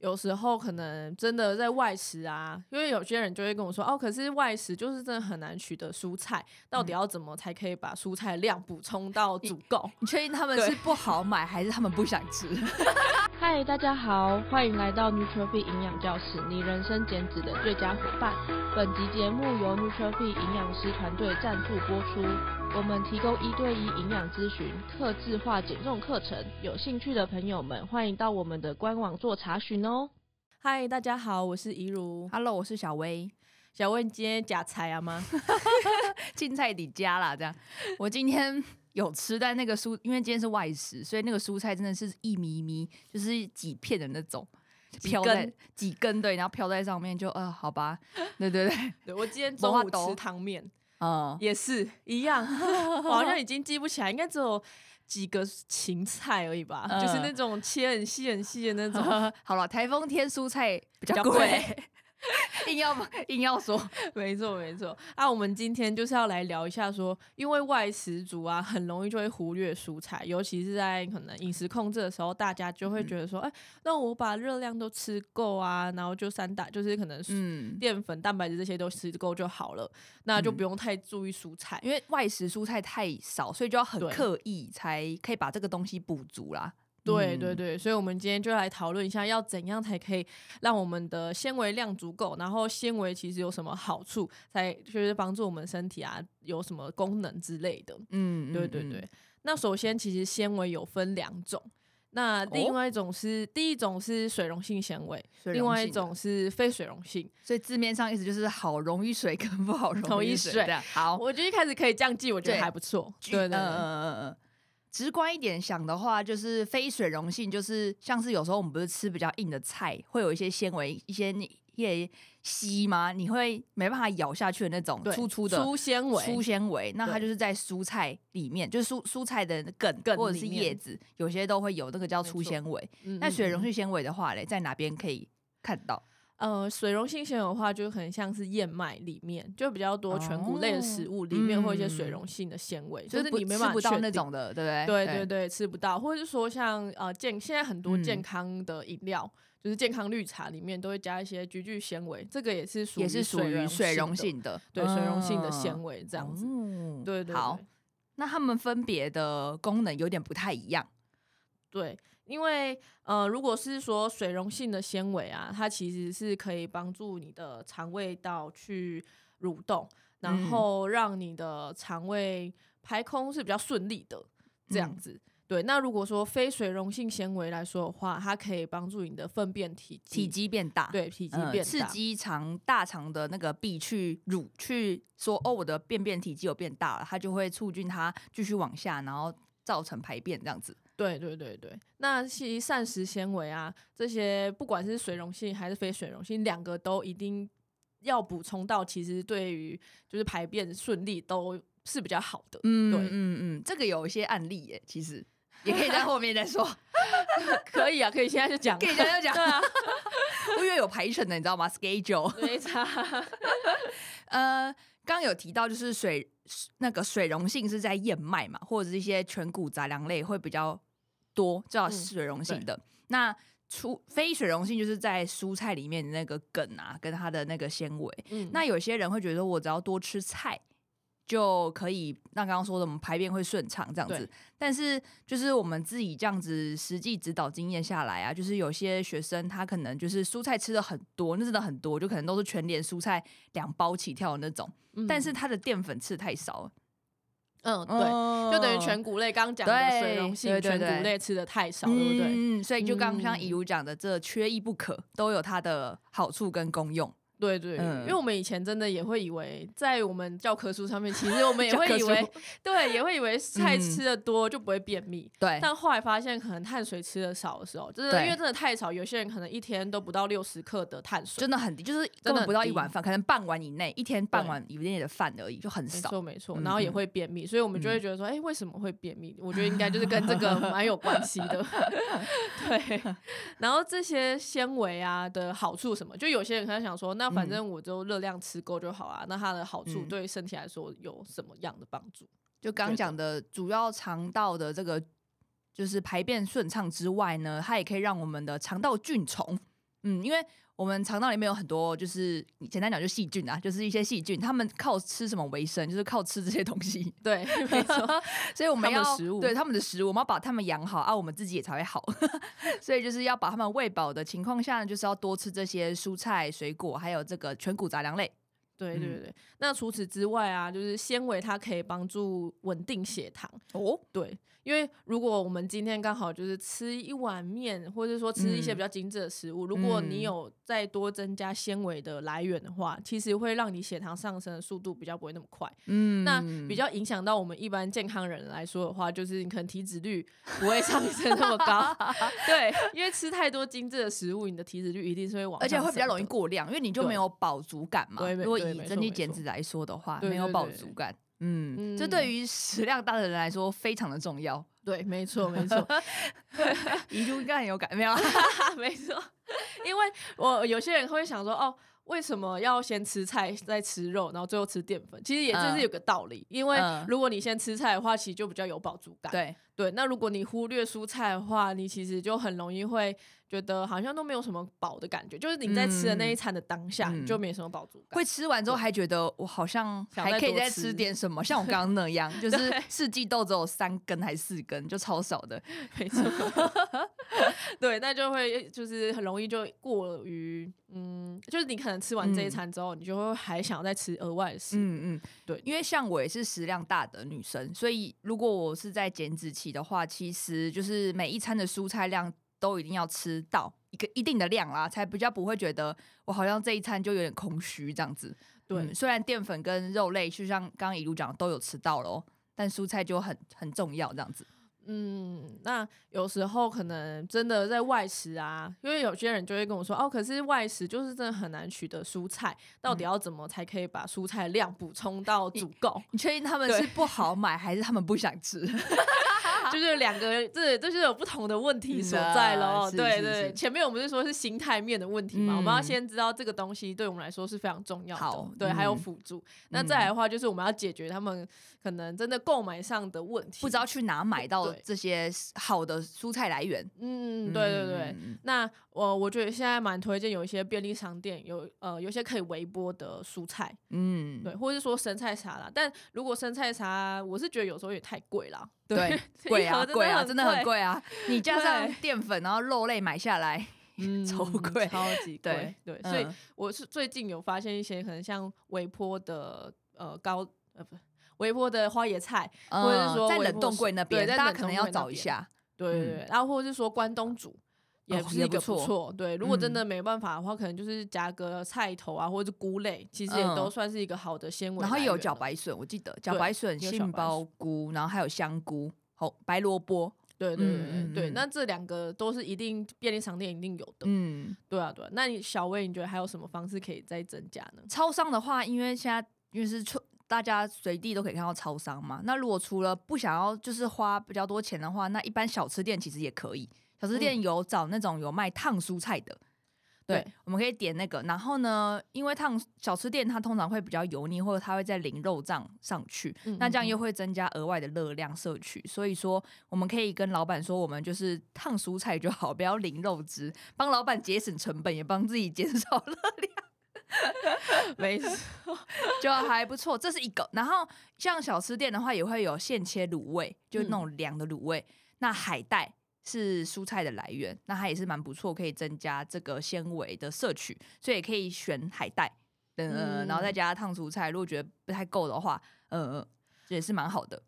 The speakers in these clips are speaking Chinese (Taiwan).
有時候可能真的在外食啊，因為有些人就會跟我說：“哦，可是外食就是真的很難取得蔬菜，到底要怎麼才可以把蔬菜量補充到足夠，嗯？”你確定他們是不好買，還是他們不想吃？嗨， Hi, 大家好，歡迎來到 Nuture Fit 營養教室，你人生減脂的最佳夥伴。本集節目由 Nuture Fit 營養師團隊贊助播出。我們提供一對一營養諮詢、客製化減重課程。有興趣的朋友們，歡迎到我們的官網做查詢呢。嗨、oh.，大家好，我是怡如。Hello，我是小薇。小薇，你今天夾菜了嗎？青 菜你加啦。這樣，我今天有吃，但那個蔬，因為今天是外食，所以那個蔬菜真的是一咪咪，就是幾片的那種，飄在幾根，在幾根對，然後飄在上面就，就呃，好吧，對對對，對我今天中午吃湯麵，哦、嗯，也是一樣， 我好像已經記不起來， 應該只有。幾個芹菜而已吧，嗯，就是那種切很細很細的那種呵呵。好了，颱風天蔬菜比較貴。硬 要硬要說， 硬要說沒，沒錯沒錯啊！我們今天就是要來聊一下說，說因為外食族啊，很容易就會忽略蔬菜，尤其是在可能飲食控制的時候，大家就會覺得說，哎、嗯欸，那我把熱量都吃夠啊，然後就三大就是可能澱、嗯、粉、蛋白質這些都吃夠就好了，那就不用太注意蔬菜、嗯，因為外食蔬菜太少，所以就要很刻意才可以把這個東西補足啦。對對對，所以我們今天就來討論一下，要怎樣才可以讓我們的纖維量足夠，然後纖維其實有什麼好處，才就是幫助我們身體啊，有什麼功能之類的。嗯，對對對。嗯、那首先，其實纖維有分兩種，那另外一種是、哦、第一種是水溶性纖維，另外一種是非水溶性。所以字面上意思就是好溶於水跟不好容易溶於水。好，我覺得一開始可以這樣記，我覺得還不錯。對的。嗯嗯嗯嗯。對對對呃直觀一點想的話，就是非水溶性，就是像是有時候我們不是吃比較硬的菜，會有一些纖維、一些葉細嗎？你會沒辦法咬下去的那種粗粗的粗纖維，粗纖維，粗纖維。那它就是在蔬菜裡面，就是蔬蔬菜的梗，梗或者是葉子，有些都會有，那個叫粗纖維。那水溶性纖維的話嘞，在哪邊可以看到？呃，水溶性纖維的話，就很像是燕麥裡面，就比較多全穀類的食物裡面會有一些水溶性的纖維、哦嗯，就是你沒辦法吃不到那種的，對不對，對？對對對，對，吃不到，或者是說像呃健現在很多健康的飲料、嗯，就是健康綠茶裡面都會加一些菊苣纖維，這個也是屬也是屬於水溶性的，對水溶性的纖維、嗯、這樣子。嗯、對，對對。好，那它們分別的功能有點不太一樣，對。因為呃，如果是說水溶性的纖維啊，它其實是可以幫助你的腸胃道去蠕動，然後讓你的腸胃排空是比較順利的這樣子，嗯。對，那如果說非水溶性纖維來說的話，它可以幫助你的糞便體積體積變大，對，體積變大，嗯，刺激腸大腸的那個壁，去蠕，去說哦，我的便便體積有變大了，它就會促進它繼續往下，然後造成排便這樣子。對對對對，那其實膳食纖維啊，這些不管是水溶性還是非水溶性，兩個都一定要補充到。其實對於就是排便順利都是比較好的。嗯，對，嗯嗯，這個有一些案例耶，其實也可以在後面再說。 可以啊，可以，現在，可以現在就講，可以現在就講。我以 為有排程的，你知道嗎？Schedule。 沒錯差。 呃，剛剛有提到就是水那個水溶性是在燕麥嘛，或者是一些全穀雜糧類會比較多叫水溶性的。嗯、那出非水溶性就是在蔬菜裡面的那個梗啊，跟它的那個纖維，嗯。那有些人會覺得我只要多吃菜就可以讓剛剛說的我們排便會順暢這樣子。但是就是我們自己這樣子實際指導經驗下來啊，就是有些學生他可能就是蔬菜吃的很多，那真的很多，就可能都是全聯蔬菜兩包起跳的那種，嗯，但是他的澱粉吃太少了。嗯，對，哦、就等於全穀類剛剛講的水溶性全穀類吃的太少了，對不對？嗯，所以就剛剛、嗯、像乙茹講的，這缺一不可，都有它的好處跟功用。對對、嗯，因為我們以前真的也會以為，在我們教科書上面，其實我們也會以為，對，也會以為菜吃的多就不會便秘、嗯。對，但後來發現，可能碳水吃的少的時候，就是因為真的太少，有些人可能一天都不到六十克的碳水，真的很低，就是真的不到一碗飯，可能半碗以內，一天半碗以內的飯而已，就很少，沒錯沒錯。然後也會便秘、嗯，所以我們就會覺得說，嗯、哎，為什麼會便秘？我覺得應該就是跟這個蠻有關係的。 對，然後這些纖維啊的好處什麼，就有些人可能想說，那反正我就熱量吃夠就好了、啊嗯。那它的好處對身體來說有什麼樣的幫助？就剛講的主要腸道的這個，就是排便順暢之外呢，它也可以讓我們的腸道菌叢。嗯，因為我們腸道裡面有很多，就是簡單講，就細菌啊，就是一些細菌，他們靠吃什麼為生？就是靠吃這些東西，對。沒錯。 所以我們要，他們的食物。對，他們的食物，我們要把他們養好啊，我們自己也才會好。 所以就是要把他們餵飽的情況下，就是要多吃這些蔬菜、水果，還有這個全穀雜糧類。對對對，嗯。那除此之外啊，就是纖維，它可以幫助穩定血糖哦。對。因為如果我們今天剛好就是吃一碗麵，或者說吃一些比較精緻的食物，嗯，如果你有再多增加纖維的來源的話，其實會讓你血糖上升的速度比較不會那麼快。嗯，那比較影響到我們一般健康人來說的話，就是你可能體脂率不會上升那麼高。 對， 因為吃太多精緻的食物，你的體脂率一定是會往，而且會比較容易過量，因為你就沒有飽足感嘛。對對對，對。如果以增肌減脂來說的話，沒錯，對對對對，沒有飽足感。嗯，這、嗯、對於食量大的人來說非常的重要。嗯、對，沒錯，沒錯，一路應該有改妙，沒 錯樂。 因為我有些人會想說，哦，為什麼要先吃菜再吃肉，然後最後吃澱粉？其實也就是有個道理、嗯，因為如果你先吃菜的話，其實就比較有飽足感。對。對，那如果你忽略蔬菜的話，你其實就很容易會覺得好像都沒有什麼飽的感覺，就是你在吃的那一餐的當下、嗯、就沒什麼飽足感，會吃完之後還覺得我好像還可以再吃點什麼，像我剛剛那樣，就是四季豆只有三根還是四根， 就超少的，沒錯。 對，那就會就是很容易就過於，嗯，就是你可能吃完這一餐之後，嗯、你就會還想再吃額外的食物，嗯嗯，對，因為像我也是食量大的女生，所以如果我是在減脂期的話，其實就是每一餐的蔬菜量都一定要吃到一個一定的量啦，才比較不會覺得我好像這一餐就有點空虛這樣子。對。嗯，雖然澱粉跟肉類就像剛剛一路講的都有吃到嘍，但蔬菜就很很重要這樣子。嗯，那有時候可能真的在外食啊，因為有些人就會跟我說哦，可是外食就是真的很難取得蔬菜，到底要怎麼才可以把蔬菜量補充到足夠？嗯，你確定他們是不好買，還是他們不想吃？ 就是兩個，這就是有不同的問題所在了，嗯。對對，對，是是是前面我們是說是心態面的問題嘛，嗯，我們要先知道這個東西對我們來說是非常重要的。好，對，嗯，還有輔助，嗯。那再來的話，就是我們要解決他們可能真的購買上的問題，不知道去哪買到這些好的蔬菜來源。嗯，對對對。嗯，那我，呃，我覺得現在蠻推薦有一些便利商店，有呃有一些可以微波的蔬菜。嗯，對，或者是說生菜沙拉，但如果生菜沙，我是覺得有時候也太貴了。對，貴啊，貴啊，真的很貴啊！啊啊你加上澱粉，然後肉類買下來，嗯、超貴，超級貴。對對，對、嗯，所以我是最近有發現一些可能像微波的呃高呃不，微波的花椰菜，嗯、或者是說在冷凍櫃那邊，大家可能要找一下。對對對，然、嗯、後、啊、或者是說關東煮。也不是一個錯。對，如果真的沒辦法的話，可能就是加個菜頭啊，或者是菇類，其實也都算是一個好的纖維、嗯。然後有茭白筍，我記得，茭白筍、杏鮑菇，然後還有香菇、好，白蘿蔔。對對對對，嗯、對那這兩個都是一定便利商店一定有的。嗯，對啊對啊。那你小薇你覺得還有什麼方式可以再增加呢？超商的話，因為現在因為是出大家隨地都可以看到超商嘛。那如果除了不想要就是花比較多錢的話，那一般小吃店其實也可以。小吃店有找那種有賣燙蔬菜的，嗯對，對，我們可以點那個。然後呢，因為燙小吃店它通常會比較油膩，或者它會在淋肉醬上去嗯嗯嗯，那這樣又會增加額外的熱量攝取。所以說，我們可以跟老板說，我們就是燙蔬菜就好，不要淋肉汁，幫老板節省成本，也幫自己減少熱量。 沒錯，就還不錯。這是一個。然後像小吃店的話，也會有現切滷味，就那種涼的滷味。嗯，那海帶。是蔬菜的來源，那它也是蠻不錯，可以增加這個纖維的攝取，所以也可以選海帶等、嗯，然後再加燙蔬菜。如果覺得不太夠的話，嗯、呃，也是蠻好的。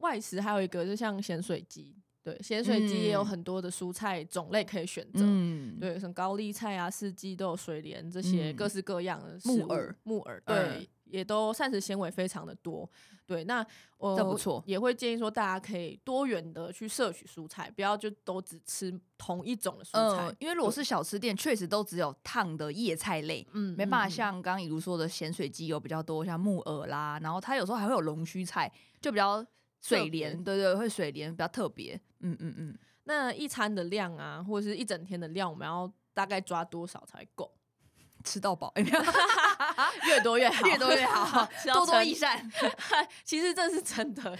外食還有一個就是像鹹水雞，對，鹹水雞也有很多的蔬菜種類可以選擇，嗯、對，什麼高麗菜啊、四季豆、水蓮這些，各式各樣的。木耳，木耳，對。也都膳食纖維非常的多，對，那、呃、這不錯，也會建議說大家可以多元的去攝取蔬菜，不要就都只吃同一種的蔬菜。呃、因為如果是小吃店確實都只有燙的葉菜類，嗯，沒辦法像、嗯、剛剛乙如說的鹹水雞有比較多，像木耳啦，然後它有時候還會有龍鬚菜，就比較水蓮，對對，會水蓮比較特別。嗯嗯嗯，那一餐的量啊，或者是一整天的量，我們要大概抓多少才夠？吃到飽、欸 啊，越多越好，越多越好， 多多益善。 其實這是真的，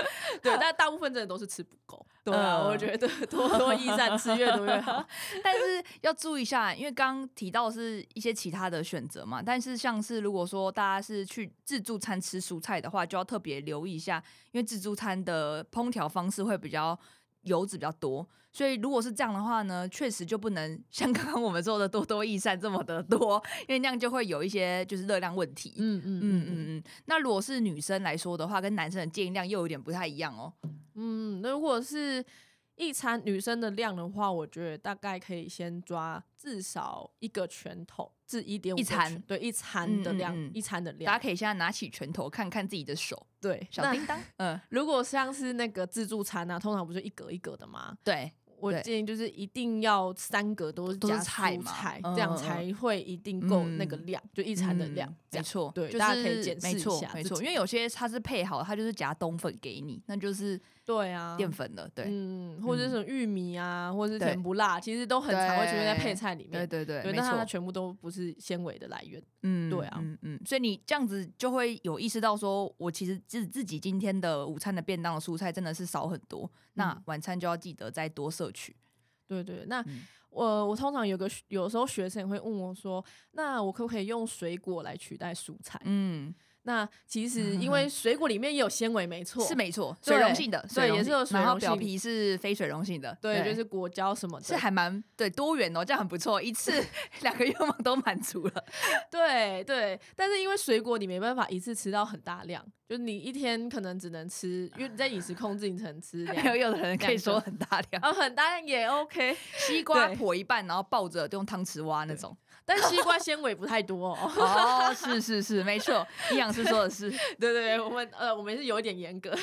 對， 但大部分真的都是吃不夠 對。 對，我覺得多多益善，吃越多越好。 但是要注意一下，因為剛剛提到是一些其他的選擇嘛。但是像是如果說大家是去自助餐吃蔬菜的話，就要特別留意一下，因為自助餐的烹調方式會比較。油脂比較多，所以如果是這樣的話呢，確實就不能像剛剛我們說的多多益善這麼的多，因為那樣就會有一些就是熱量問題。嗯嗯嗯嗯，嗯嗯。那如果是女生來說的話，跟男生的建議量又有點不太一樣哦。嗯，那如果是。一餐女生的量的話，我覺得大概可以先抓至少一個拳頭至一點五拳。一餐對一餐的量、嗯，一餐的量，大家可以現在拿起拳頭看看自己的手。對，小叮當。嗯、呃，如果像是那個自助餐啊，通常不是一格一格的嗎？對，我建議就是一定要三格都是加都是菜嘛，這樣才會一定夠那個量、嗯，就一餐的量、嗯。沒錯，對、就是，大家可以檢視一下。沒錯，沒錯，因為有些它是配好的，它就是夾冬粉給你，嗯、那就是。對啊，澱粉的，對，嗯，或者是玉米啊，嗯、或者是甜不辣，其實都很常會出現在配菜裡面。對對對，對，對，沒錯，但它全部都不是纖維的來源。嗯，對啊，嗯嗯，所以你這樣子就會有意識到說，說我其實自自己今天的午餐的便當的蔬菜真的是少很多，嗯、那晚餐就要記得再多攝取。對對，那、嗯、我我通常有個有時候學生也會問我說，那我可不可以用水果來取代蔬菜？嗯。那其實，因為水果裡面也有纖維，沒錯，是沒錯，水溶性的，對，也是有水溶性，然後表皮是非水溶性的，對，對就是果膠什麼的，是還蠻對多元哦、喔，這樣很不錯，一次兩 個願望都滿足了，對對，但是因為水果你沒辦法一次吃到很大量。就你一天可能只能吃，呃、因為在飲食控制你只能吃。沒有，有的人可以說很大量，呃。很大量也 OK。西瓜剖一半，然後抱着就用湯匙挖那種。但西瓜纖維不太多哦。 哦，是是是，沒錯，營養師說的是。對對對，我們呃，我們是有點嚴格。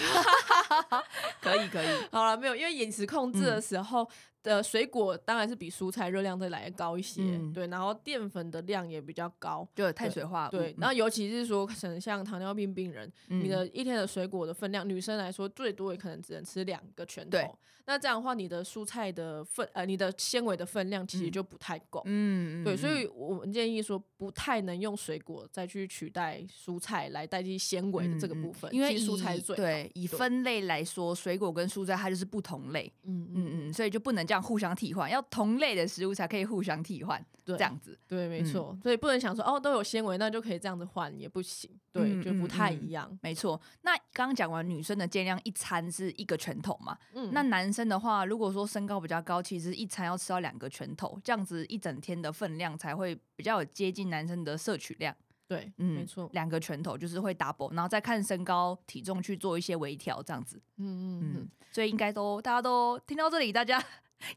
可以可以。好了，沒有，因為飲食控制的時候。嗯的水果當然是比蔬菜熱量再來的高一些，嗯，對，然後澱粉的量也比較高，就對，碳水化，對，然後尤其是說可能像糖尿病病人，嗯，你的一天的水果的分量，女生來說最多也可能只能吃兩個拳頭，對，那這樣的話你的蔬菜的分，呃，你的纖維的分量其實就不太夠，嗯嗯，嗯，對，所以我們建議說不太能用水果再去取代蔬菜來代替纖維的這個部分，嗯嗯、因為以蔬菜是最對，對以分類來說，水果跟蔬菜它就是不同類，嗯嗯嗯，所以就不能叫。互相替換，要同類的食物才可以互相替換。這樣子對，沒錯、嗯，所以不能想說哦，都有纖維那就可以這樣子換也不行，對、嗯，就不太一樣，嗯嗯、沒錯。那剛剛講完女生的建議量，一餐是一個拳頭嘛、嗯，那男生的話，如果說身高比較高，其實一餐要吃到兩個拳頭，這樣子一整天的分量才會比較接近男生的攝取量。對，嗯，沒錯，兩個拳頭就是會 double，然後再看身高體重去做一些微調，這樣子。嗯嗯嗯，嗯，所以應該都大家都聽到這裡，大家。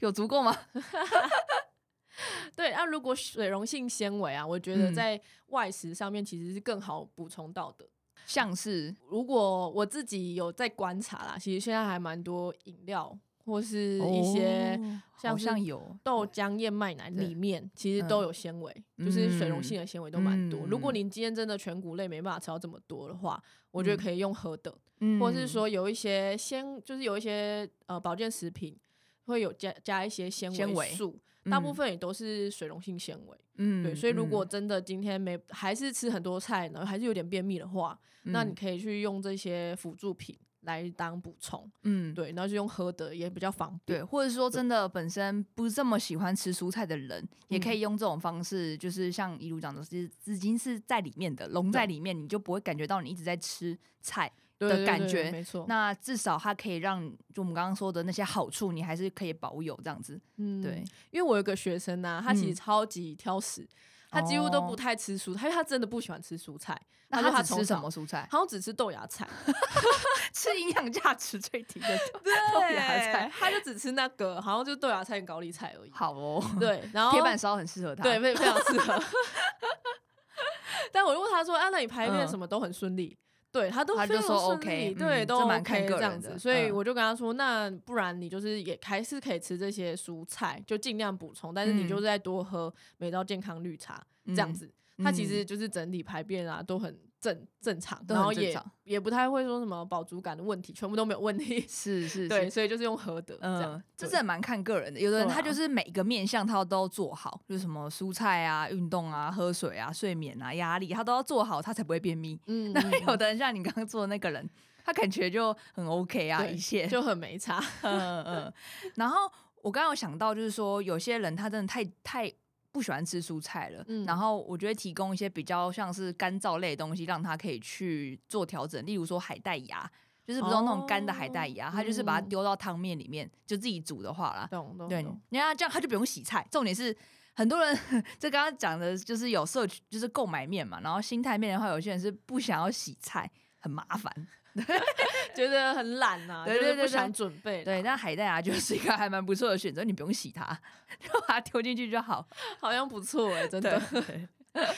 有足夠嗎？ 對那、啊、如果水溶性纖維啊，我覺得在外食上面其實是更好補充到的。嗯、像是如果我自己有在觀察啦，其實現在還蠻多飲料或是一些，像有豆漿燕麥奶裡面、哦、其實都有纖維、嗯，就是水溶性的纖維都蠻多、嗯。如果您今天真的全谷類沒辦法吃到這麼多的話，嗯、我覺得可以用喝的，嗯、或者是說有一些先，就是有一些呃保健食品。會有加加一些纖維素，大部分也都是水溶性纖維。嗯，對，所以如果真的今天沒還是吃很多菜呢，還是有點便秘的話，嗯，那你可以去用這些輔助品來當補充。嗯，對，然後就用喝的也比較方便。對，或者說真的本身不是這麼喜歡吃蔬菜的人，也可以用這種方式，就是像一路講的是已經是在裡面的溶在裡面，你就不會感覺到你一直在吃菜。對對對對的感覺，對對對沒錯，那至少它可以讓就我們剛剛說的那些好處，你還是可以保有這樣子。嗯，對，因為我有一個學生呢、啊，他其實超級挑食，嗯、他幾乎都不太吃蔬菜，他他真的不喜歡吃蔬菜，他，他說他吃什麼蔬菜？好像只吃豆芽菜， 吃營養價值最低的豆芽菜， 他就只吃那個，好像就是豆芽菜跟高麗菜而已。好哦，對，然後鐵板燒很適合他，對，非常適合。 但我問他說：“啊，那你排便什麼都很順利？”嗯對他都都說 OK，對、嗯、都 OK 這樣，這，看的這樣子，所以我就跟他說、嗯，那不然你就是也還是可以吃這些蔬菜，就盡量補充，但是你就是再多喝美道健康綠茶、嗯、這樣子，它、嗯、其實就是整體排便啊都很。正正常，然後也然後也不太會說什麼飽足感的問題，全部都沒有問題。是是，是對，對，所以就是用喝的、嗯、這樣，就是蠻看個人的。有的人他就是每一個面向他都要做好，啊、就是什麼蔬菜啊、運動啊、喝水啊、睡眠啊、壓力，他都要做好，他才不會便秘。嗯，嗯，那有的人像你剛剛做的那個人，他感覺就很 OK 啊，一切就很沒差。嗯嗯。 然後我剛剛有想到，就是說有些人他真的太太。不喜歡吃蔬菜了，嗯，然後我覺得提供一些比較像是乾燥類的東西，讓他可以去做調整。例如說海帶芽，就是不用那種乾的海帶芽，哦，他就是把它丟到湯麵裡面，嗯、就自己煮的話啦。懂，懂，對，你看這樣他就不用洗菜。重點是很多人這剛剛講的，就是有攝取，就是購買面嘛，然後心態面的話，有些人是不想要洗菜，很麻煩。 覺得很懶吶、啊，對對對，對，就是、不想準備。對，那海帶啊，就是一個還蠻不錯的選擇，你不用洗它，然後把它丟進去就好，好像不錯哎、欸，真的。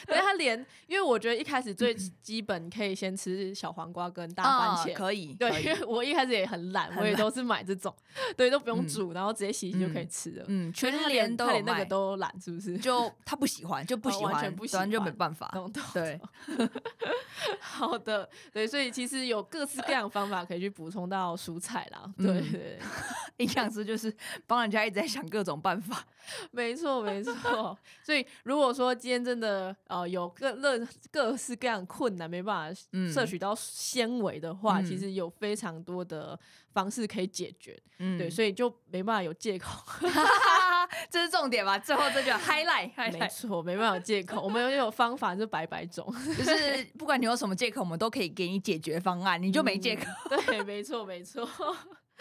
對 他連，因為我覺得一開始最基本可以先吃小黃瓜跟大番茄。哦、可以。對、可以，因為我一開始也很懶，我也都是買這種，對，都不用煮，嗯、然後直接洗洗就可以吃了。嗯，全、嗯、連都連那個都懶，是不是？就他不喜歡，就不喜歡，啊、完全不喜歡，就沒辦法。對， 好的，對，所以其實有各式各樣的方法可以去補充到蔬菜啦。嗯、對，對對。營養師就是幫人家一直在想各種辦法 沒錯，沒錯沒錯。所以如果說今天真的呃有各各各式各樣困難，沒辦法攝取到纖維的話，嗯，其實有非常多的方式可以解決。嗯、對，所以就沒辦法有借口，嗯、 這是重點吧？最後這就 highlight 沒錯，沒辦法有借口。 我們有有方法就百百種，就是不管你有什麼借口，我們都可以給你解決方案，你就沒借口。嗯、 對，沒錯沒錯。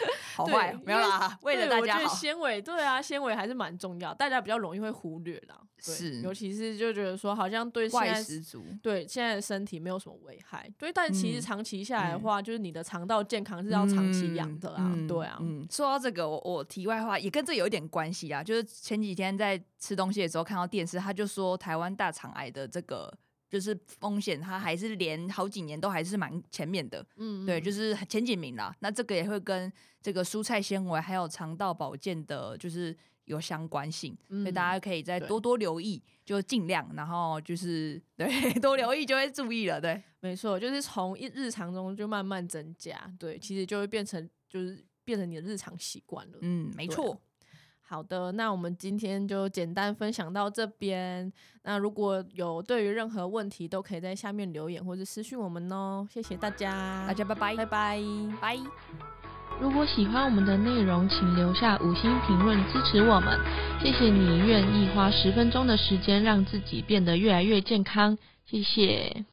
對，好壞沒有啦，為了大家好，我覺得纖維對啊，纖維還是蠻重要，大家比較容易會忽略啦，對，是，尤其是就覺得說好像對現在，外食。對，現在的身體沒有什麼危害。對，但其實長期下來的話，嗯、就是你的腸道健康是要長期養的啊、嗯。對啊、嗯，說到這個，我我題外話也跟這有一點關係啊。就是前幾天在吃東西的時候看到電視，他就說台灣大腸癌的這個。就是風險，它還是連好幾年都還是蠻前面的，嗯，對，就是前幾名啦。那這個也會跟這個蔬菜纖維還有腸道保健的，就是有相關性，嗯，所以大家可以再多多留意，就盡量，然後就是對多留意就會注意了，對，沒錯，就是從一日常中就慢慢增加，對，其實就會變成就是變成你的日常習慣了，嗯，沒錯。好的，那我們今天就簡單分享到這邊。那如果有對於任何問題，都可以在下面留言或者私訊我們哦。謝謝大家，大家拜拜，拜拜，拜拜。如果喜歡我們的內容，請留下五星評論支持我們。謝謝你願意花十分鐘的時間，讓自己變得越來越健康。謝謝。